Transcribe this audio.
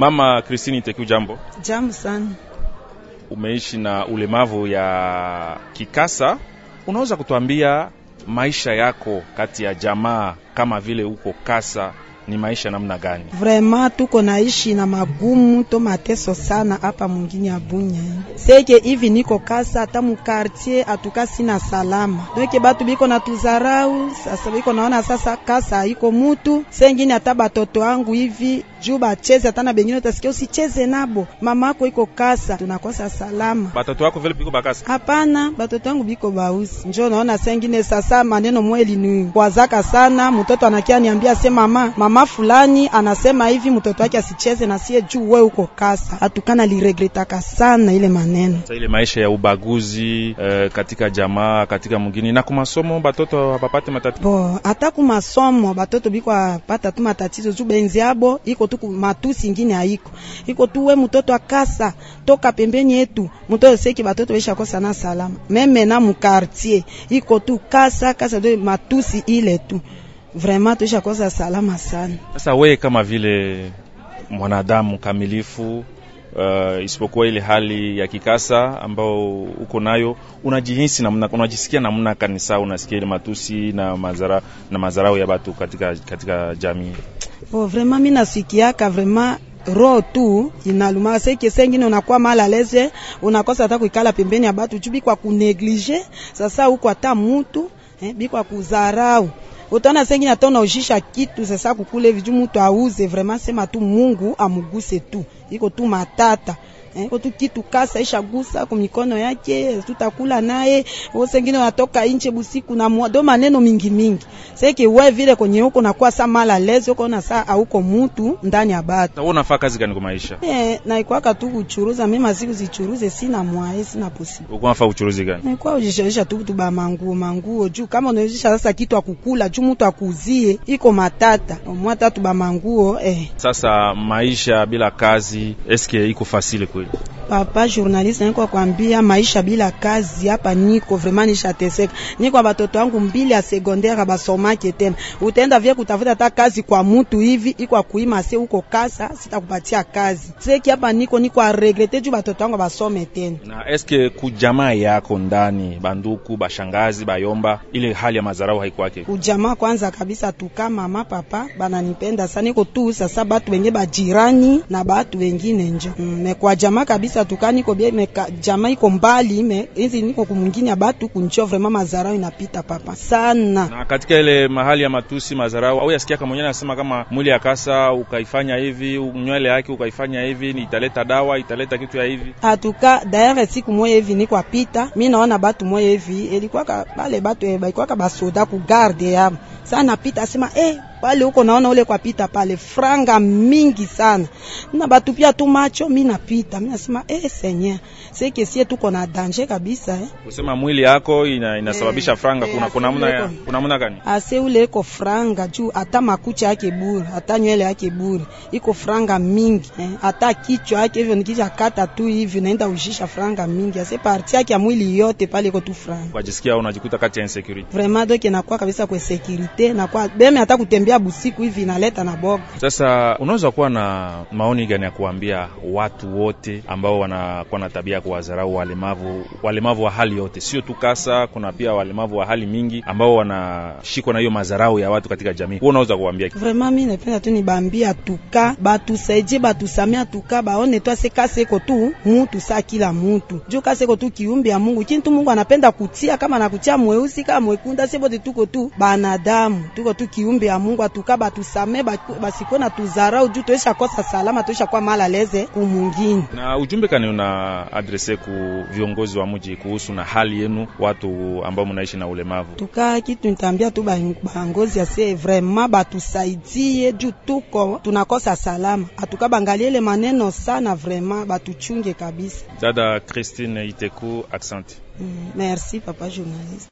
Mama Christine Teku, jambo. Jambo sana. Umeishi na ulemavu ya kikasa, unaweza kutuambia maisha yako kati ya jamaa kama vile uko kasa ni maisha namna gani? Vraiment tuko naishi na magumu to mateso sana hapa mwingine ya Bunya seke hivi, niko kasa hata mukartie atuka sina salama donke, batu biko na tuzarau sasa, biko naona sasa kasa iko mutu sengine, hata batoto wangu hivi juu bacheze hata na bengine utasikia usicheze nabo, mama yako iko kasa, tunakosa salama. Batoto wako vile biko bakasa? Hapana, batoto wangu biko bausi. Njoo naona sengine sasa maneno mweli ni kwazaka sana, mtoto anakia niambia sema mama mama mama fulani anasema hivi mtoto wake asicheze na sie juu wewe uko kasa, atukana liregretaka sana ile maneno. ile maisha ya ubaguzi uh, katika jamaa katika mgini na kumasomo batoto hapapate matatizo bo, hata kumasomo batoto biko apata tu matatizo juu benzi yabo iko tu matusi ingine haiko iko tu wewe mtoto akasa toka pembeni yetu mtoto seki batoto wesha kosa na salama meme na mukartie iko tu kasa kasa do matusi ile tu vraiment tuisha kosa salama sana. Sasa wewe kama vile mwanadamu kamilifu Uh, isipokuwa ile hali ya kikasa ambao uko nayo, unajihisi namna, unajisikia namna kanisa, unasikia ile matusi na mazara na mazarao ya watu katika, katika jamii oh, vraiment mimi nasikiaka vraiment roho tu inaluma seke sengine, unakuwa mala leze, unakosa hata kuikala pembeni ya batu chubi kwa kuneglige. Sasa huko hata mtu eh, bikwa kuzarau utaona zengine hata unaujisha kitu sasa kukule viju mutu auze, vraiment sema tu Mungu amuguse tu, iko tu matata eh, tukitukasa ishagusa kumikono yake, tutakula naye wosengine wanatoka inche busiku na mwa mwado maneno mingi mingi. Seki wewe vile kwenye huko na sa mala la lezo kona saa auko mutu ndani ya batu. Na unafaa kazi gani kwa maisha? Eh, na ikuwa katu kuchuruza, mima siku zichuruze, sina mwae, sina pusi. ukuwa unafaa uchuruzi gani? Na ikuwa ujishaisha tu tu ba manguo manguo juu kama unaisha sasa kitu akukula juu mtu akuzie iko matata. mwa tatu ba manguo eh. Sasa maisha bila kazi eske iko fasile kwe good papa journaliste niko kwambia maisha bila kazi hapa niko vraiment nishateseka. Niko batoto wangu mbili ya sekondaire basomake tena. Utaenda vya kutafuta hata kazi kwa mtu hivi iko kuima se huko kasa sitakupatia kazi. Seki hapa niko niko regrete juu batoto wangu basome tena. Na eske kujamaa yako ndani banduku bashangazi bayomba ile hali ya mazarau haikuwake. Kujamaa kwanza kabisa tuka mama papa bananipenda sana niko tu sasa batu wenye bajirani na batu wengine njo. Mm, kwa jamaa kabisa kabisa tukaniko bie meka jama iko mbali ime hizi niko ya batu kunjua vraiment mazarau inapita papa sana. Na katika ile mahali ya matusi mazarau au yasikia kama mwenye anasema kama mwili akasa ukaifanya hivi nywele yake ukaifanya hivi ni italeta dawa italeta kitu ya hivi. Hatuka daire siku moja hivi niko apita mimi naona batu moja hivi ilikuwa bale batu eh, baikuwa basoda ku garde ya sana pita asema eh pale huko naona ule kwa pita pale franga mingi sana, na pia tu macho. Mimi napita mimi nasema eh, senya seke sie tuko na danger kabisa eh. Usema mwili yako ina, inasababisha eh, franga eh, kuna kuna mna kuna mna gani ah, ase ule iko franga juu, hata makucha yake bure, hata nywele yake bure, iko franga mingi eh, hata kichwa yake hivyo, nikija kata tu hivi naenda ushisha franga mingi, ase parti yake ya mwili yote pale iko tu franga. Unajisikia unajikuta kati ya insecurity vraiment, donc inakuwa kabisa kwa security na kwa beme hata kutembea kuambia busiku hivi inaleta na boga. Sasa unaweza kuwa na maoni gani ya kuambia watu wote ambao wanakuwa na tabia ya kuwadharau walemavu, walemavu wa hali yote, sio tu kasa, kuna pia walemavu wa hali mingi ambao wanashikwa na hiyo madharau ya watu katika jamii. Wewe unaweza kuambia kitu? Vraiment mimi napenda tu nibambia tuka batusaidie, batusamia, tuka baone twase kasa tu mutu saa kila mutu juu kaseko tu kiumbi ya Mungu kintu Mungu anapenda kutia kama nakutia mweusi kama mwekunda, sebote tuko tu banadamu, tuko tu kiumbi ya Mungu batuka batusame basiko na tuzarau juu tuesha kosa salama, tuesha kwa mala leze kumungini. Na ujumbe kani una adrese ku viongozi wa mji kuhusu na hali yenu watu ambao munaishi na ulemavu? Tuka kitu nitambia tu bangozi ase vraiment batusaidie juu tuko tunakosa salama, atuka bangaliele maneno sana, vraiment batuchunge kabisa. Dada Christine Iteku, accent. Mm, merci papa journaliste.